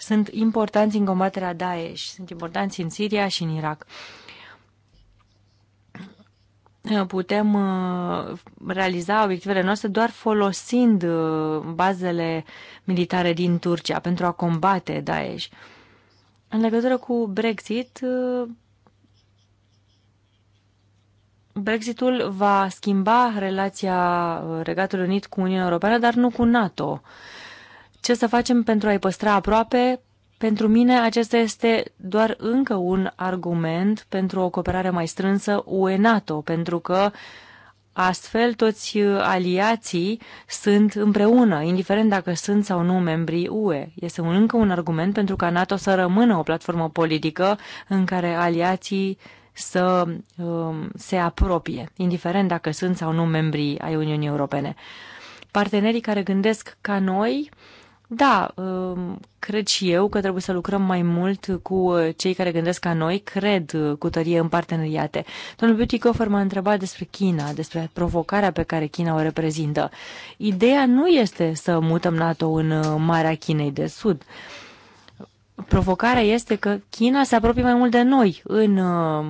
sunt importanți în combaterea Daesh, sunt importanți în Siria și în Irak. Putem uh, realiza obiectivele noastre doar folosind uh, bazele militare din Turcia pentru a combate Daesh. În legătură cu Brexit, uh, Brexitul va schimba relația Regatului Unit cu Uniunea Europeană, dar nu cu NATO ce să facem pentru a-i păstra aproape? Pentru mine acesta este doar încă un argument pentru o cooperare mai strânsă UE-NATO, pentru că astfel toți uh, aliații sunt împreună, indiferent dacă sunt sau nu membrii UE. Este un, încă un argument pentru ca NATO să rămână o platformă politică în care aliații să um, se apropie, indiferent dacă sunt sau nu membrii ai Uniunii Europene. Partenerii care gândesc ca noi uh, da, um, cred și eu că trebuie să lucrăm mai mult cu uh, cei care gândesc ca noi, cred uh, cu tărie în parteneriate. Domnul Butikofer m-a întrebat despre China, despre provocarea pe care China o reprezintă. Ideea nu este să mutăm NATO în uh, Marea Chinei de Sud. Provocarea este că China se apropie mai mult de noi în uh,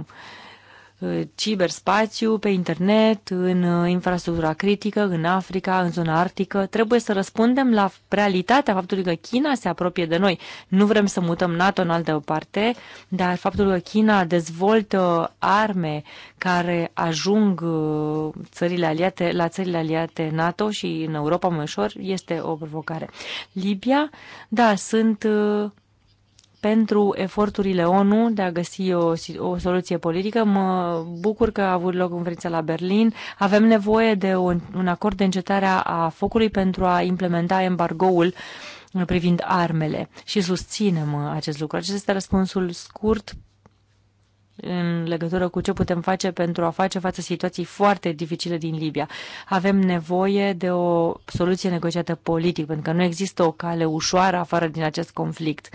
Uh, ciberspațiu, pe internet, în uh, infrastructura critică, în Africa, în zona arctică. Trebuie să răspundem la realitatea faptului că China se apropie de noi. Nu vrem să mutăm NATO în altă parte, dar faptul că China dezvoltă arme care ajung uh, țările aliate, la țările aliate NATO și în Europa mai ușor este o provocare. Libia, da, sunt pentru eforturile ONU de a găsi o, o soluție politică. Mă bucur că a avut loc conferința la Berlin. Avem nevoie de un, un acord de încetare a focului pentru a implementa embargoul privind armele și susținem uh, acest lucru. Acesta este răspunsul scurt în legătură cu ce putem face pentru a face față situației foarte dificile din Libia. Avem nevoie de o soluție negociată politic, pentru că nu există o cale ușoară afară din acest conflict.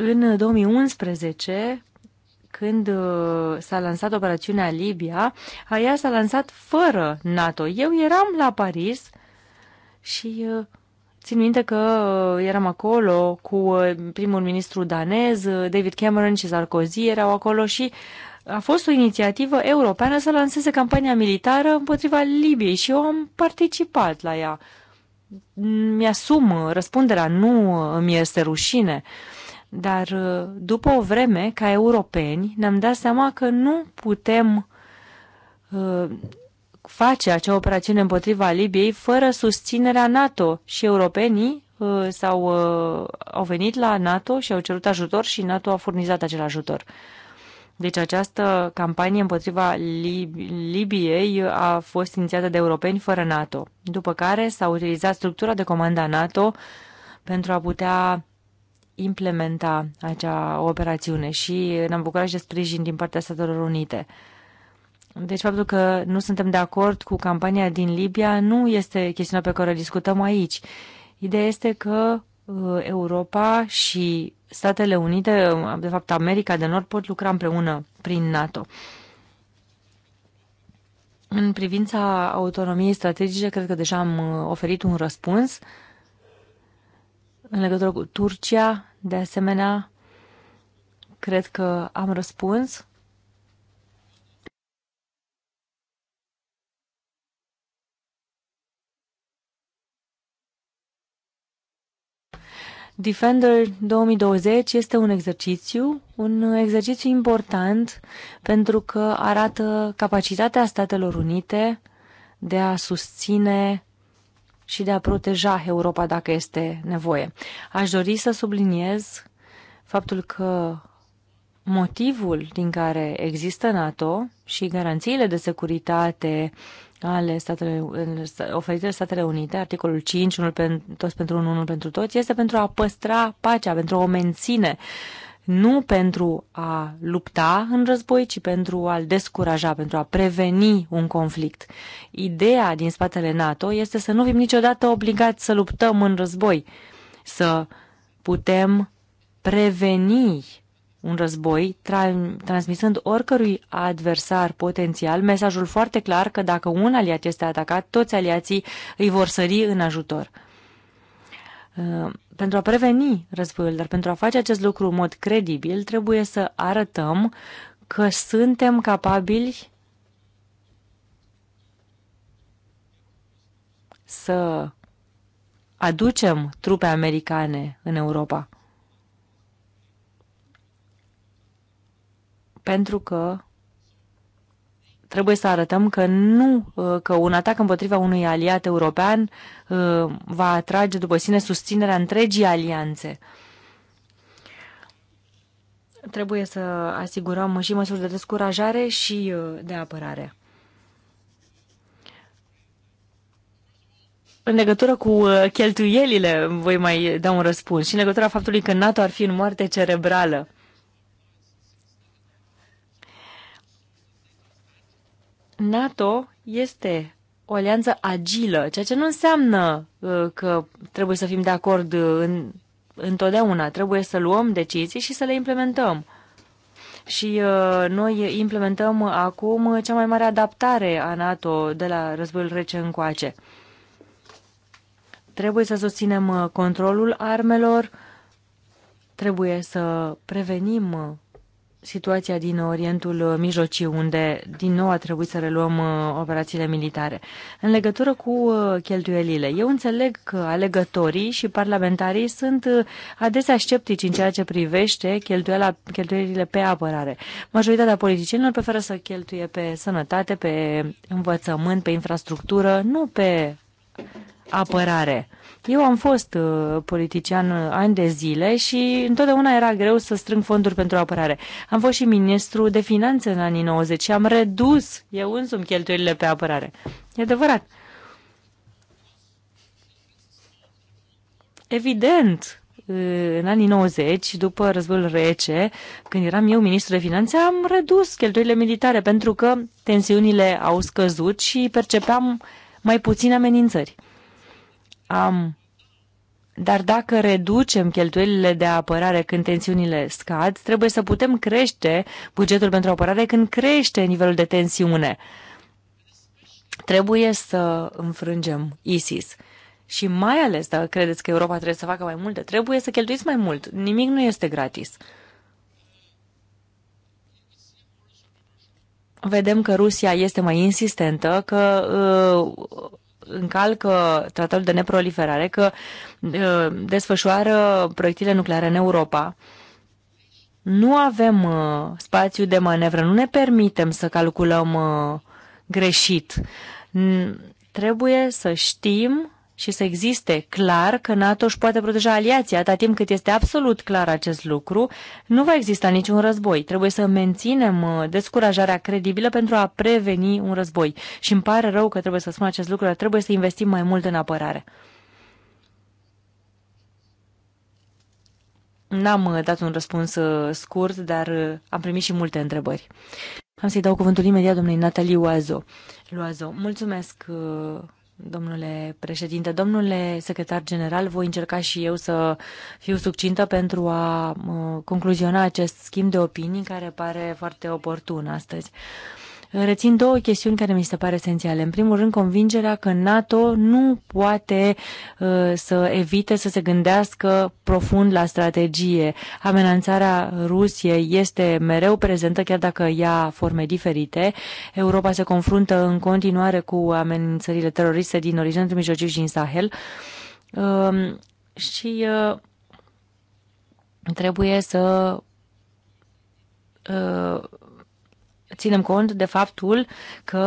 În 2011, când uh, s-a lansat operațiunea Libia, aia s-a lansat fără NATO. Eu eram la Paris și uh, țin minte că uh, eram acolo cu primul ministru danez, David Cameron și Sarkozy erau acolo și a fost o inițiativă europeană să lanseze campania militară împotriva Libiei și eu am participat la ea. Mi-asum răspunderea, nu mi este rușine. Uh, dar uh, după o vreme, ca europeni, ne-am dat seama că nu putem uh, face acea operațiune împotriva Libiei fără susținerea NATO și europenii uh, au uh, au venit la NATO și au cerut ajutor și NATO a furnizat acel ajutor. Deci această campanie împotriva Lib- Libiei a fost inițiată de europeni fără NATO, după care s-a utilizat structura de comandă a NATO pentru a putea implementa acea operațiune și ne-am bucurat și de sprijin din partea Statelor Unite. Deci faptul că nu suntem de acord cu campania din Libia nu este chestiunea pe care o discutăm aici. Ideea este că uh, Europa și Statele Unite, uh, de fapt America de Nord, pot lucra împreună prin NATO. În privința autonomiei strategice, cred că deja am uh, oferit un răspuns. Uh, în legătură cu Turcia. De asemenea, cred că am răspuns. Defender 2020 este un exercițiu, un exercițiu important pentru că arată capacitatea Statelor Unite de a susține și de a proteja Europa dacă este nevoie. Aș dori să subliniez faptul că motivul din care există NATO și garanțiile de securitate ale statele, oferite Statele Unite, articolul 5, unul pentru toți pentru unul, unul pentru toți, este pentru a păstra pacea, pentru a o menține. Uh, nu pentru a lupta în război, ci pentru a-l descuraja, pentru a preveni un conflict. Ideea din spatele NATO este să nu fim niciodată obligați să luptăm în război, să putem preveni un război, tra- transmisând oricărui adversar potențial mesajul foarte clar că dacă un aliat este atacat, toți aliații îi vor sări în ajutor. Uh, pentru a preveni războiul, dar pentru a face acest lucru în mod credibil, trebuie să arătăm că suntem capabili să aducem trupe americane în Europa. Pentru că trebuie să arătăm că nu uh, că un atac împotriva unui aliat european uh, va atrage după sine susținerea întregii alianțe. Trebuie să asigurăm și măsuri de descurajare și uh, de apărare. În legătură cu cheltuielile, voi mai da un răspuns și în legătura faptului că NATO ar fi în moarte cerebrală. NATO este o alianță agilă, ceea ce nu înseamnă uh, că trebuie să fim de acord uh, în, întotdeauna. Trebuie să luăm decizii și să le implementăm. Și uh, noi implementăm acum cea mai mare adaptare a NATO de la războiul rece încoace. Trebuie să susținem uh, controlul armelor, trebuie să prevenim situația din Orientul Mijlociu, unde din nou a trebuit să reluăm uh, operațiile militare. În legătură cu uh, cheltuielile, eu înțeleg că alegătorii și parlamentarii sunt uh, adesea sceptici în ceea ce privește cheltuielile pe apărare. Majoritatea politicienilor preferă să cheltuie pe sănătate, pe învățământ, pe infrastructură, nu pe apărare. Eu am fost uh, politician uh, ani de zile și întotdeauna era greu să strâng fonduri pentru apărare. Am fost și ministru de finanțe în anii 90 și am redus eu însumi cheltuielile pe apărare. E adevărat. Evident, uh, în anii 90, după războiul rece, când eram eu ministru de finanțe, am redus cheltuielile militare pentru că tensiunile au scăzut și percepeam mai puține amenințări am dar dacă reducem cheltuielile de apărare când tensiunile scad, trebuie să putem crește bugetul pentru apărare când crește nivelul de tensiune. Trebuie să înfrângem ISIS. Și mai ales dacă credeți că Europa trebuie să facă mai multe, trebuie să cheltuiți mai mult. Nimic nu este gratis. Vedem că Rusia este mai insistentă, că uh, încalcă tratatul de neproliferare, că uh, desfășoară proiectile nucleare în Europa. Nu avem uh, spațiu de manevră, nu ne permitem să calculăm uh, greșit. Trebuie să știm și să existe clar că NATO își poate proteja aliații, atâta timp cât este absolut clar acest lucru, nu va exista niciun război. Trebuie să menținem uh, descurajarea credibilă pentru a preveni un război. Și îmi pare rău că trebuie să spun acest lucru, dar trebuie să investim mai mult în apărare. N-am uh, dat un răspuns uh, scurt, dar am primit și multe întrebări. Am să-i dau cuvântul imediat domnului Natalie Loazo. Loazo, mulțumesc domnule președinte. Domnule secretar general, voi încerca și eu să fiu succintă pentru a concluziona acest schimb de opinii care pare foarte oportun astăzi. Uh, rețin două chestiuni care mi se pare esențiale. În primul rând, convingerea că NATO nu poate uh, să evite să se gândească profund la strategie. Amenințarea Rusiei este mereu prezentă, chiar dacă ia forme diferite. Europa se confruntă în continuare cu amenințările teroriste din Orientul Mijlociu și din Sahel. Uh, și uh, trebuie să uh, ținem cont de faptul că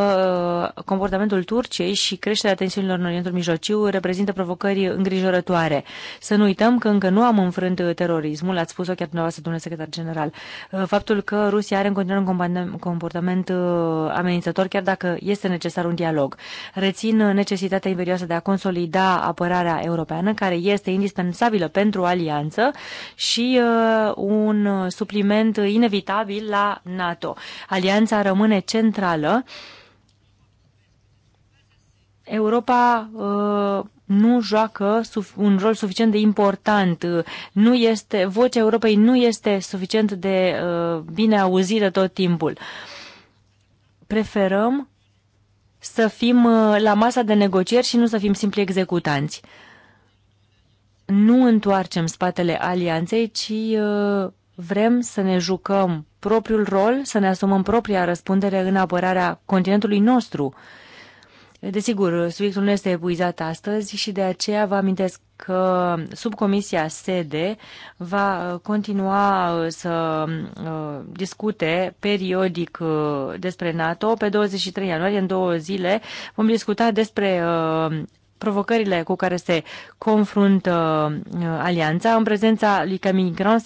uh, comportamentul Turciei și creșterea tensiunilor în Orientul Mijlociu reprezintă provocări îngrijorătoare. Să nu uităm că încă nu am înfrânt terorismul, ați spus-o chiar dumneavoastră, domnule secretar general. Uh, faptul că Rusia are în continuare un comportament uh, amenințător, chiar dacă este necesar un dialog. Rețin necesitatea imperioasă de a consolida apărarea europeană, care este indispensabilă pentru alianță și un supliment inevitabil la NATO. Alianța Guvernanța rămâne centrală. Europa uh, nu joacă un rol suficient de important. Nu este, vocea Europei nu este suficient de uh, bine auzită tot timpul. Preferăm să fim uh, la masa de negocieri și nu să fim simpli executanți. Nu întoarcem spatele alianței, ci uh, vrem să ne jucăm propriul rol, să ne asumăm propria răspundere în apărarea continentului nostru. Desigur, subiectul nu este epuizat astăzi și de aceea vă amintesc că subcomisia sede va uh, continua uh, să uh, discute periodic despre NATO. Pe 23 ianuarie, în două zile, vom discuta despre provocările cu care se confruntă alianța în prezența lui Camille Grand,